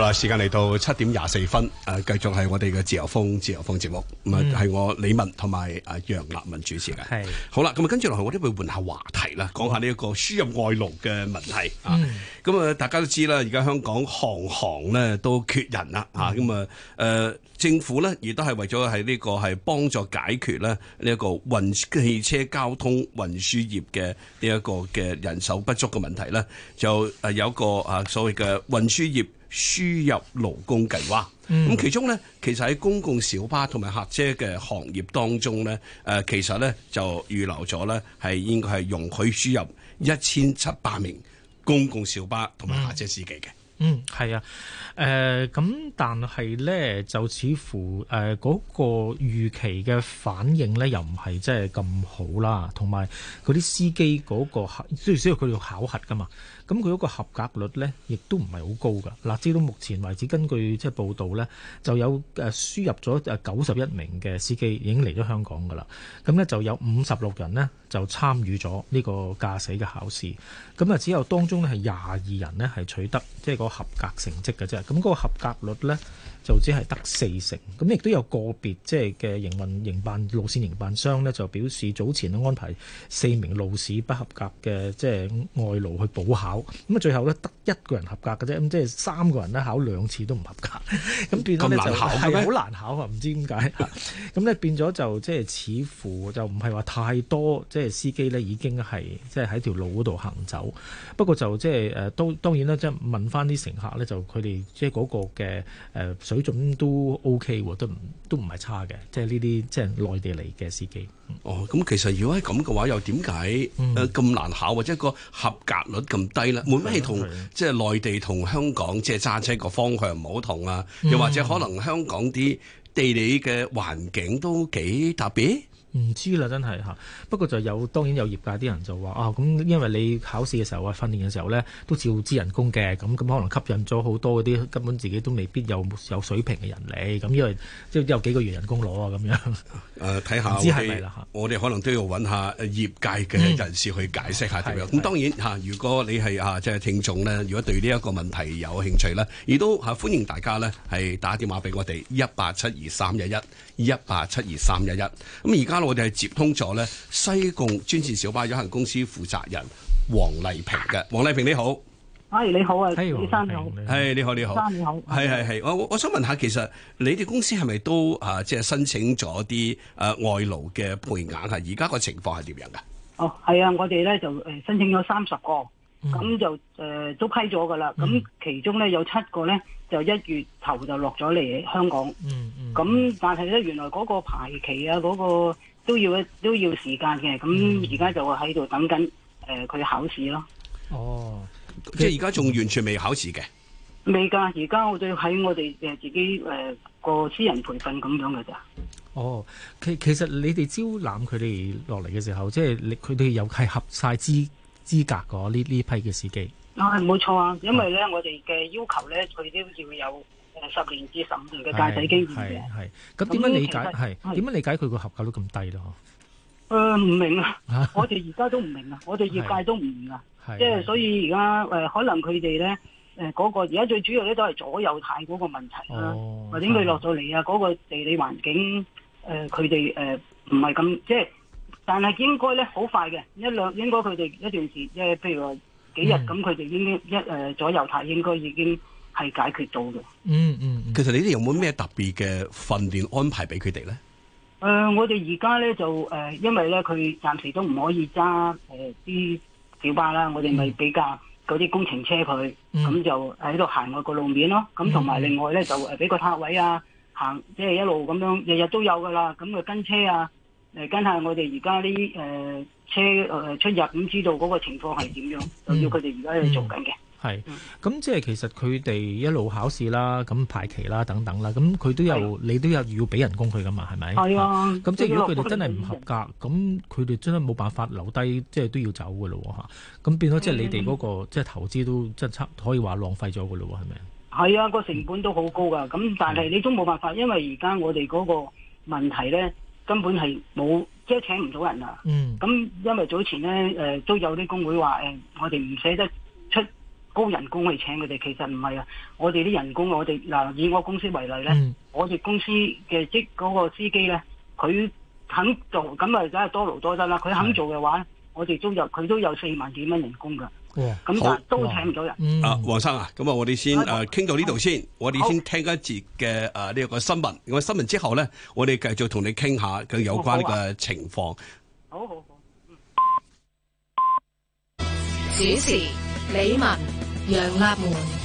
好啦，時間嚟到七點廿四分，誒，繼續係我哋嘅自由風、自由風節目，咁啊係我李文同埋阿楊立文主持嘅。係，好啦，咁啊，跟住落去我哋會換下話題啦，講下呢一個輸入外勞嘅問題啊。咁啊，大家都知啦，而家香港行行咧都缺人啦，吓，咁啊，誒，政府咧亦都係為咗喺呢個係幫助解決咧呢一個運汽車交通運輸業嘅呢一個嘅人手不足嘅問題咧，就誒有一個啊所謂嘅運輸業。輸入勞工計劃，咁其中咧，其實喺公共小巴同埋客車嘅行業當中咧，誒、呃、其實咧就預留咗咧，係應該係容許輸入一千七百名公共小巴同埋客車司機嘅。嗯，係啊，誒，咁，但係咧，就似乎誒嗰、呃嗰個，預期嘅反應咧，又唔係即係咁好啦。同埋嗰啲司機嗰需合，需要佢要考核噶嘛，咁、咁、佢個合格率咧，亦都唔係好高噶。嗱，至到目前為止，根據即係報道咧，就有誒輸入咗誒九十一名嘅司機已經嚟咗香港噶啦。咁咧就有五十六人咧就參與咗呢個駕駛嘅考試，咁啊，只有當中咧係廿二人咧係取得，即係個。合格成績嘅啫，咁、那、嗰個合格率呢，就只係得四成，咁亦都有個別即係嘅營運營辦路線營辦商呢，就表示早前都安排四名路試不合格嘅即係外勞去補考，咁啊最後呢得一個人合格嘅啫，咁即係三個人呢考兩次都唔合格，咁變咗呢咁難考，就係好難考啊，唔知點解，咁呢 變咗就即係似乎就唔係話太多，即係司機呢已經係即係喺條路嗰度行走，不過就即係誒，當然啦，即係問翻啲乘客呢，就佢哋即係嗰個嘅水準都 OK 喎，都唔都唔係差嘅，即係呢啲即係內地嚟嘅司機。哦，咁其實如果係咁嘅話，又點解咁難考，或者個合格率咁低咧？會唔會係同即係內地同香港即係揸車個方向唔好同啊？又或者可能香港啲地理嘅環境都幾特別？唔知啦，真係嚇不過就有，當然有業界啲人就話啊，咁因為你考試嘅時候啊，訓練嘅時候呢，都照支人工嘅，咁咁可能吸引咗好多嗰啲根本自己都未必有有水平嘅人嚟，咁因為即有幾個月人工攞啊，咁樣。睇下、呃、我哋，知是是我哋可能都要揾下業界嘅人士去解釋下咁樣咁、嗯、當然如果你係啊即聽眾呢，如果對呢一個問題有興趣呢，亦都嚇歡迎大家呢，係打電話俾我哋一八七二三一一。一八七二三一一，咁而家我哋係接通咗咧西貢專線小巴有限公司負責人黃麗萍嘅。黃麗萍你好，哎你好啊，李生 Hey, 你好，係你好你好，李生你好，係係係，我的我想問一下，其實你哋公司係咪都啊即係申請咗啲誒外勞嘅配額，係而家個情況係點樣嘅？哦，係啊，我哋咧就誒申請咗三十個，咁、嗯、就誒、呃、都批咗嘅啦。咁其中咧有七個咧。就一月頭就落咗嚟香港，咁、嗯嗯、但係咧，原來嗰個排期啊，嗰、嗰個都要都要時間嘅。咁而家就會喺度等緊，誒、呃、佢考試咯。哦，即係而家仲完全未考試嘅？未㗎。而家我哋喺我哋誒自己誒、呃、個私人培訓咁樣嘅咋。哦，其其實你哋招攬佢哋落嚟嘅時候，即係你佢哋有係合晒資資格嗰呢呢批嘅司機？啊，冇錯啊！因為咧，我哋嘅要求咧，佢都要有誒十、呃、年至十五年嘅駕駛經驗嘅。係咁點樣理解？係點是是樣理解佢個合格率咁低咯？誒、呃，唔明啊！ 我哋而家都唔明啊！我哋業界都唔明啊！即係所以而家誒，可能佢哋咧誒，嗰個而家最主要咧都係左右太嗰個問題啊，哦、或者佢落到嚟啊，嗰的個地理環境誒，佢哋誒唔係咁即係，但係應該咧好快嘅一兩，應該佢哋一段時即係譬如話。嗯、幾日咁佢哋應一誒、呃、左右睇，應該已經係解決到嘅、嗯。嗯嗯，其實你哋有冇咩特別嘅訓練安排俾佢哋咧？誒、呃，我哋而家咧就誒、呃，因為咧佢暫時都唔可以揸誒啲小巴啦，我哋咪比較嗰啲工程車佢，咁、嗯、就喺度行外個路面咯。咁同埋另外咧就俾個泊位啊，行即係、就是、一路咁樣，日日都有噶啦。咁佢跟車啊，誒、呃、跟下我哋而家啲誒。呃車誒出入，咁知道嗰個情況係點樣，就要佢哋而家去做緊嘅。係、嗯，咁即係其實佢哋一路考試啦，咁排期啦，等等啦，咁佢都有，啊、你都有要俾人工佢噶嘛，係咪？係啊。咁即係如果佢哋真係唔合格，咁佢哋真係冇辦法留低，即係都要走噶咯吓。咁變咗、那個嗯、即係你哋嗰個即係投資都即係差唔多，可以話浪費咗噶咯，係咪？係啊，個成本都好高噶。咁但係你都冇辦法，因為而家我哋嗰個問題咧，根本係冇。即係請唔到人啦，咁因為早前咧，誒、呃、都有啲工會話，誒、呃、我哋唔捨得出高人工嚟請佢哋，其實唔係啊，我哋啲人工，我哋嗱、呃、以我公司為例咧，嗯、我哋公司嘅即嗰個司機咧，佢肯做，咁啊梗係多勞多得啦，佢肯做嘅話，是的 我哋都有佢都有四萬幾蚊人工噶。咁但 Yeah. 都請唔到人。嗯、啊，黃生啊，咁啊，我哋先誒傾到呢度先。啊、我哋先聽一節嘅誒呢個新聞。咁新聞之後咧，我哋繼續同你傾下有關呢個情況，啊。好好好。嗯、主持李文楊阿門。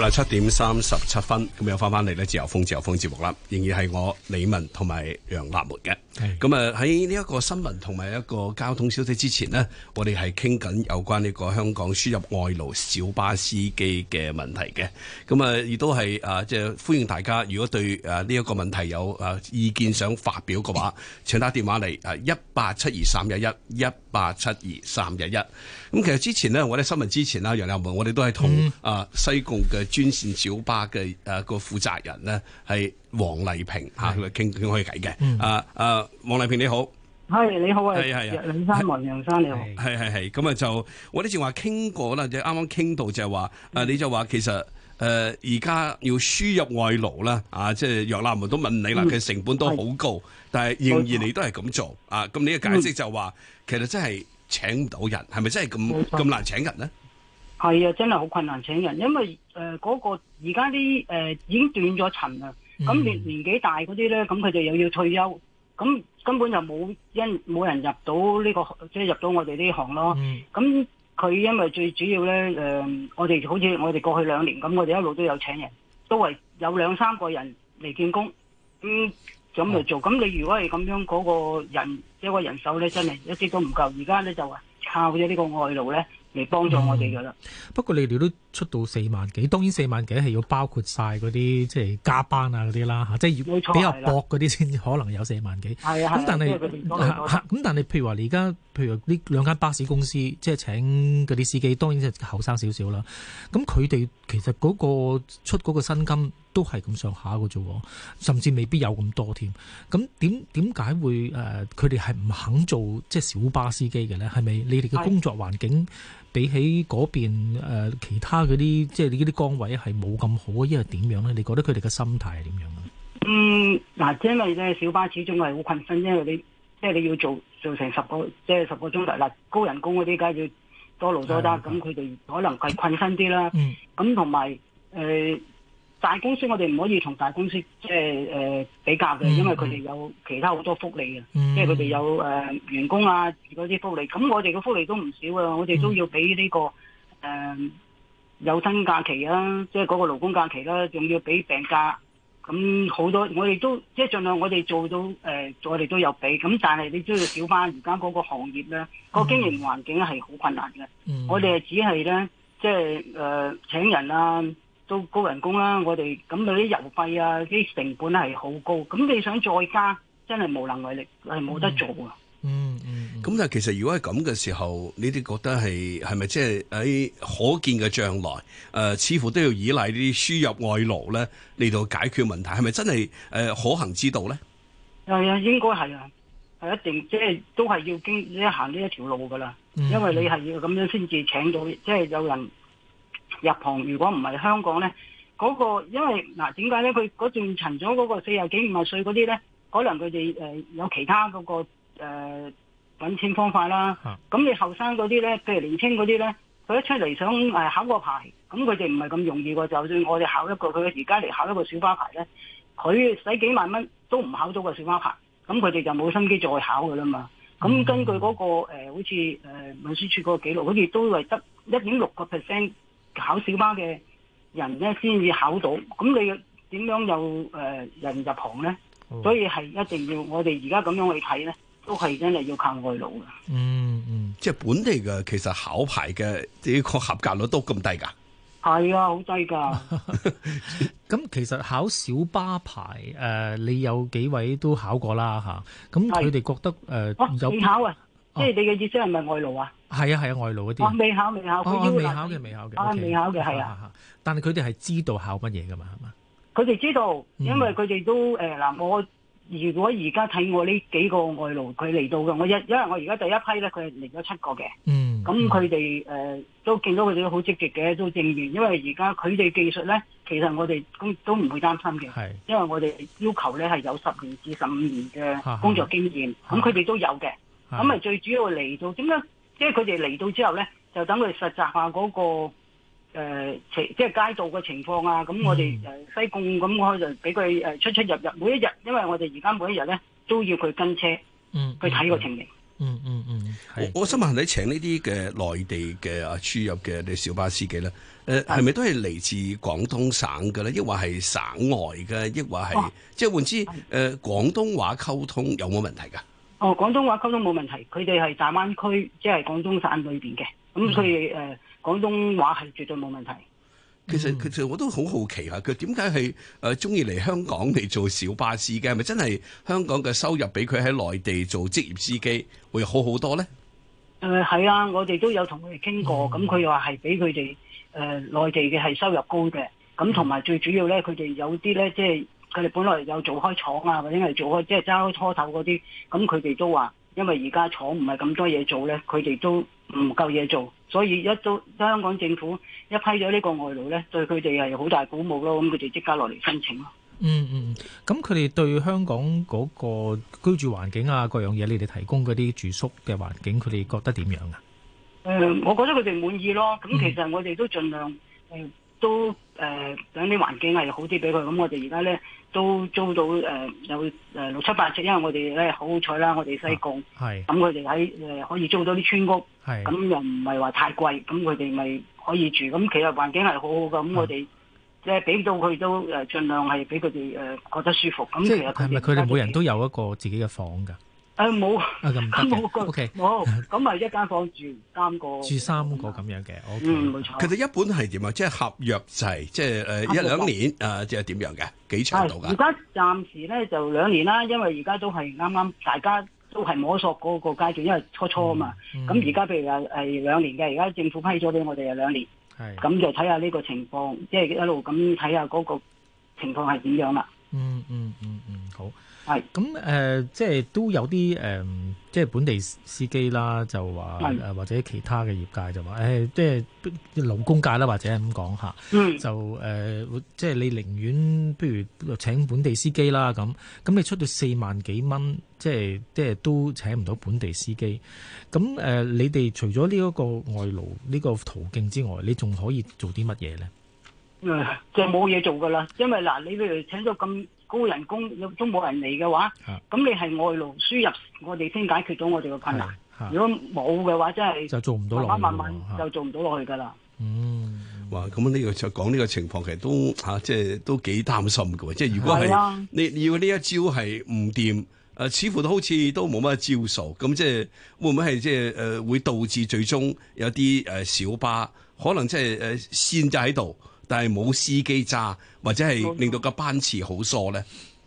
嗱，七點三十七分，咁又翻翻嚟呢自由風自由風節目啦，仍然係我李文同埋楊立梅嘅。咁啊喺呢一個新聞同埋一個交通消息之前呢，我哋係傾緊有關呢個香港輸入外勞小巴司機嘅問題嘅。咁啊，亦都係啊，即係歡迎大家，如果對呢一個問題有意見想發表嘅話，請打電話嚟啊一八七二三一一一八七二三一一。咁其實之前呢，我哋新聞之前啦，楊立梅，我哋都係同、嗯、啊西貢嘅。專線小巴嘅誒個負責人咧係黃麗萍嚇，佢傾傾開偈嘅。啊啊，黃麗萍你好，係你好啊，係啊，梁生黃梁生你好，係係係。咁啊是就我哋正話傾過啦，就啱啱傾到就係話，啊、嗯、你就話其實誒而家要輸入外勞啦，啊即係楊立文都問你啦，其實成本都好高，嗯、但係仍然你都係咁做錯啊。咁你嘅解釋就話、嗯、其實真係請唔到人，係咪真係咁咁難請人咧？係啊，真係好困難請人，因為誒嗰、呃嗰個而家啲誒已經斷咗層啦。咁年、mm hmm. 年紀大嗰啲咧，咁佢哋又要退休，咁根本就冇因冇人入到呢、呢個，即、就、係、係、入到我哋呢行咯。咁佢、mm hmm. 因為最主要咧，誒、呃、我哋好似我哋過去兩年咁，我哋一路都有請人，都係有兩三個人嚟見工，咁咁嚟做。咁、mm hmm. 你如果係咁樣嗰、嗰個人，一、嗰個人手咧，真係一啲都唔夠。而家咧就話靠咗呢個外勞咧。嚟幫助我哋嘅啦。不過你哋都出到四萬幾，當然四萬幾係要包括晒嗰啲即係加班啊嗰啲啦嚇，即係比較薄嗰啲先可能有四萬幾。係啊，咁但係咁但係，譬如話你而家譬如呢兩間巴士公司，即係請嗰啲司機，當然就後生少少啦。咁佢哋其實嗰個出嗰個薪金都係咁上下嘅啫喎，甚至未必有咁多添。咁點點解會誒佢哋係唔肯做即係小巴司機嘅咧？係咪你哋嘅工作環境？比起嗰邊誒其他嗰啲，即係你呢啲崗位係冇咁好，因為點樣咧？你覺得佢哋嘅心態係點樣咧？嗯，嗱，因為咧小巴始終係好困身，因為你即係、就是、你要做做成十個即係十個鐘頭啦，高人工嗰啲梗係要多勞多得，咁佢哋可能係困身啲啦。嗯，咁同埋誒。呃大公司我哋唔可以同大公司即係誒比較嘅，因為佢哋有其他好多福利嘅，即係佢哋有誒、呃、員工啊嗰啲福利。咁我哋嘅福利都唔少啊，我哋都要俾呢、呢個誒、呃、有薪假期啦，即係嗰個勞工假期啦，仲要俾病假。咁好多我哋都即係盡量我哋做到誒，呃、做我哋都有俾。咁但係你都要少翻，而家嗰個行業咧，個經營環境係好困難嘅。Mm hmm. 我哋只係咧，即係誒請人啊。都高人工啦，我哋咁嗰啲油費啊，啲成本係好高，咁你想再加真係無能為力，係冇得做啊。嗯，咁但係其實如果係咁嘅時候，你哋覺得係係咪即係喺可見嘅將來，誒似乎都要依賴啲輸入外勞咧嚟到解決問題，係咪真係誒可行之道咧？係啊，應該係啊，係一定即係都係要經一行呢一條路㗎喇，因為你係要咁樣先至請到，即係有人。入行如果唔係香港咧，嗰、那個因為嗱點解咧？佢仲存咗嗰個四廿幾五十歲嗰啲咧，可能佢哋誒有其他嗰、那個誒揾錢方法啦。咁、啊、你後生嗰啲咧，譬如年輕嗰啲咧，佢一出嚟想誒、呃、考個牌，咁佢哋唔係咁容易個。就算我哋考一個，佢而家嚟考一個小巴牌咧，佢使幾萬蚊都唔考到個小巴牌，咁佢哋就冇心機再考噶啦嘛。咁根據嗰、那個嗯嗯嗯、呃、好似誒運輸署嗰個記錄，好似都係得一點六個 percent。考小巴嘅人咧，先至考到，咁你點樣有誒人入行咧？所以係一定要我哋而家咁樣去睇咧，都係真係要靠外勞嘅。嗯嗯，即係本地嘅其實考牌嘅呢個合格率都咁低㗎？係啊，好低㗎。咁 其實考小巴牌誒、呃，你有幾位都考過啦吓？咁佢哋覺得誒有考啊？啊即係你嘅意思係咪外勞啊？係啊係啊，外勞嗰啲未考未考，佢要未考嘅，哦啊、未考嘅，啊未考嘅係啊。是啊，但係佢哋係知道考乜嘢噶嘛？係嘛？佢哋知道，嗯、因為佢哋都誒嗱、呃，我如果而家睇我呢幾個外勞，佢嚟到嘅，我一因為我而家第一批咧，佢係嚟咗七個嘅、嗯。嗯，咁佢哋誒都見到佢哋都好積極嘅，都正面。因為而家佢哋技術咧，其實我哋都都唔會擔心嘅。係是，因為我哋要求咧係有十年至十五年嘅工作經驗，咁佢哋都有嘅。咁咪是最主要嚟到點解？即係佢哋嚟到之後咧，就等佢實習下嗰、那個、呃、即係街道嘅情況啊。咁、嗯、我哋誒西貢咁，我就俾佢誒出出入入每一日。因為我哋而家每一日咧都要佢跟車，看嗯，嗯，去睇個情形。嗯嗯嗯。我我想問你請呢啲嘅內地嘅啊出入嘅啲小巴司機咧，誒係咪都係嚟自廣東省嘅咧？抑或係省外嘅？抑或係、啊、即係換之誒、呃、廣東話溝通有冇問題㗎？哦，廣東話溝通冇問題，佢哋係大灣區，即係廣東省裏邊嘅，咁所以誒廣東話係絕對冇問題。嗯、其實，其實我都好好奇啊，佢點解係誒中意嚟香港嚟做小巴士嘅？係咪真係香港嘅收入比佢喺內地做職業司機會好好多咧？誒係、嗯、啊，我哋都有同佢哋傾過，咁佢又話係比佢哋誒內地嘅係收入高嘅，咁同埋最主要咧，佢哋有啲咧即係。佢哋本嚟有做開廠啊，或者係做開即係揸開拖頭嗰啲，咁佢哋都話，因為而家廠唔係咁多嘢做咧，佢哋都唔夠嘢做，所以一都香港政府一批咗呢個外勞咧，對佢哋係好大鼓舞咯，咁佢哋即刻落嚟申請咯、嗯。嗯嗯，咁佢哋對香港嗰個居住環境啊，各樣嘢，你哋提供嗰啲住宿嘅環境，佢哋覺得點樣啊？誒、嗯，我覺得佢哋滿意咯，咁其實我哋都盡量誒。嗯都誒等啲環境係好啲俾佢，咁我哋而家咧都租到誒、呃、有六七八尺，因為我哋咧好好彩啦，我哋西貢，咁佢哋喺可以租到啲村屋，咁是又唔係話太貴，咁佢哋咪可以住，咁其實環境係好好噶，咁我哋即係俾到佢都誒盡量係俾佢哋誒覺得舒服。咁即係係咪佢哋每人都有一個自己嘅房㗎？誒冇，冇 o K，冇，咁咪、啊 okay。哦、一間房住三， 住三個，住三個咁樣嘅，嗯，冇錯。其實一本係點啊？即係合約制，即係一兩年，即係點樣嘅？幾長度㗎？而家暫時咧就兩年啦，因為而家都係啱啱大家都係摸索嗰個階段，因為初初啊嘛。咁而家譬如話係兩年嘅，而家政府批咗俾我哋係兩年，係咁的就睇下呢個情況，即係一路咁睇下嗰個情況係點樣啦。嗯嗯嗯嗯，好。係咁誒，即係都有啲誒、呃，即係本地司機啦，就話誒，是或者其他嘅業界就話，誒、呃，即係勞工界啦，或者係咁講吓。嗯是。就誒、呃，即係你寧願不如請本地司機啦，咁咁你出到四萬幾蚊，即係即係都請唔到本地司機。咁誒、呃，你哋除咗呢一個外勞呢、這個途徑之外，你仲可以做啲乜嘢咧？誒、嗯，就冇、是、嘢做噶啦，因為嗱，你譬如請咗咁高人工，都冇人嚟嘅話，咁是你係外勞輸入，我哋先解決到我哋嘅困難。如果冇嘅話，真係就做唔到，慢慢慢就做唔到落去噶啦、嗯。嗯，哇，咁呢個就講呢個情況，其實都吓，即、啊、係都幾擔心嘅。即、就、係、是、如果係、啊、你要呢一招係唔掂，誒、呃，似乎好都好似都冇乜招數。咁即係會唔會係即係誒會導致最終有啲誒、呃、小巴可能即係誒線就喺、是、度？呃但係冇司機揸，或者係令到個班次好疏咧。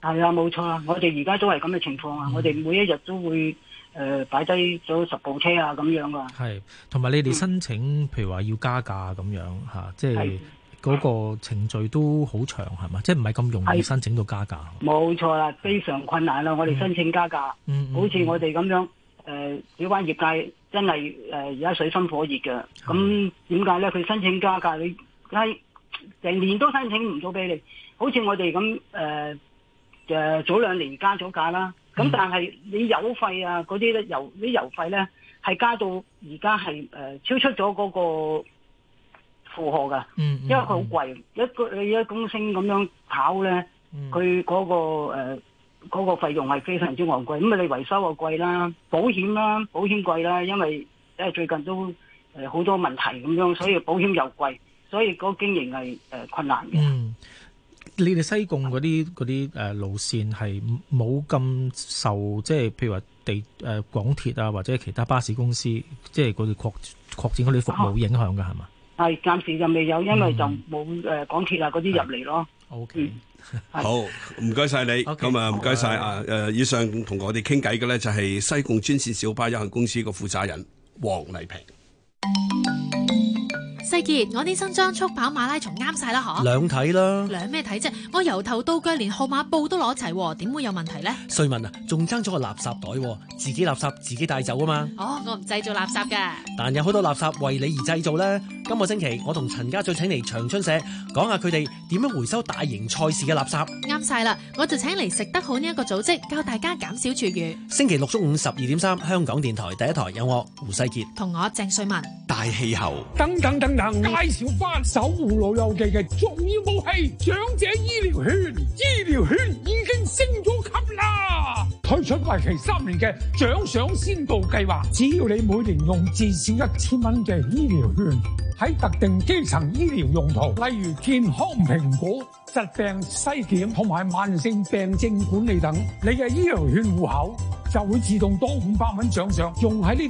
係啊，冇錯啊！我哋而家都係咁嘅情況啊！嗯、我哋每一日都會誒擺低咗十部車啊，咁樣啊。係，同埋你哋申請，嗯、譬如話要加價咁樣吓，即係嗰是個程序都好長係嘛？即係唔係咁容易申請到加價？冇錯啦，非常困難啦！我哋申請加價，嗯、好似我哋咁樣誒，呢、呃、班業界真係誒而家水深火熱嘅。咁點解咧？佢申請加價，你成年都申請唔到俾你，好似我哋咁誒誒早兩年加咗價啦。咁但係你油費啊，嗰啲油啲油費咧係加到而家係誒超出咗嗰個負荷㗎、嗯。嗯，因為佢好貴，一你一公升咁樣跑咧，佢嗰、嗯嗰個誒嗰、呃嗰個、費用係非常之昂貴。咁啊，你維修又貴啦，保險啦，保險貴啦，因為即係、呃、最近都好、呃、多問題咁樣，所以保險又貴。所以個經營係誒困難嘅。嗯，你哋西貢嗰啲啲誒路線係冇咁受，即係譬如話地誒港鐵啊，或者其他巴士公司，即係佢哋擴擴展嗰啲服務影響嘅係嘛？係暫時就未有，因為就冇誒港鐵啊嗰啲入嚟咯。O K、嗯。Okay. 嗯、好，唔該晒你。咁啊，唔該晒。啊誒，以上同我哋傾偈嘅咧就係西貢專線小巴有限公司個負責人黃麗萍。我啲新裝速跑馬拉松啱晒啦，嗬？兩睇啦。兩咩睇啫？我由頭到腳連號碼布都攞齊，點會有問題呢？瑞文啊，仲爭咗個垃圾袋，自己垃圾自己帶走啊嘛。哦，我唔製造垃圾嘅。但有好多垃圾為你而製造呢。今個星期我同陳家俊請嚟長春社講下佢哋點樣回收大型賽事嘅垃圾。啱晒啦，我就請嚟食得好呢一個組織教大家減少廚餘。星期六中午十二點三，香港電台第一台有我胡世杰同我鄭瑞文。大氣候等等等等。叮叮叮叮叮介紹翻守護老友記嘅重要武器——長者醫療券，醫療券已經升咗級啦！推出為期三年嘅獎賞先導計劃，只要你每年用至少一千蚊嘅醫療券喺特定基層醫療用途，例如健康評估、疾病篩檢同埋慢性病症管理等，你嘅醫療券戶口就會自動多五百蚊獎賞，用喺呢。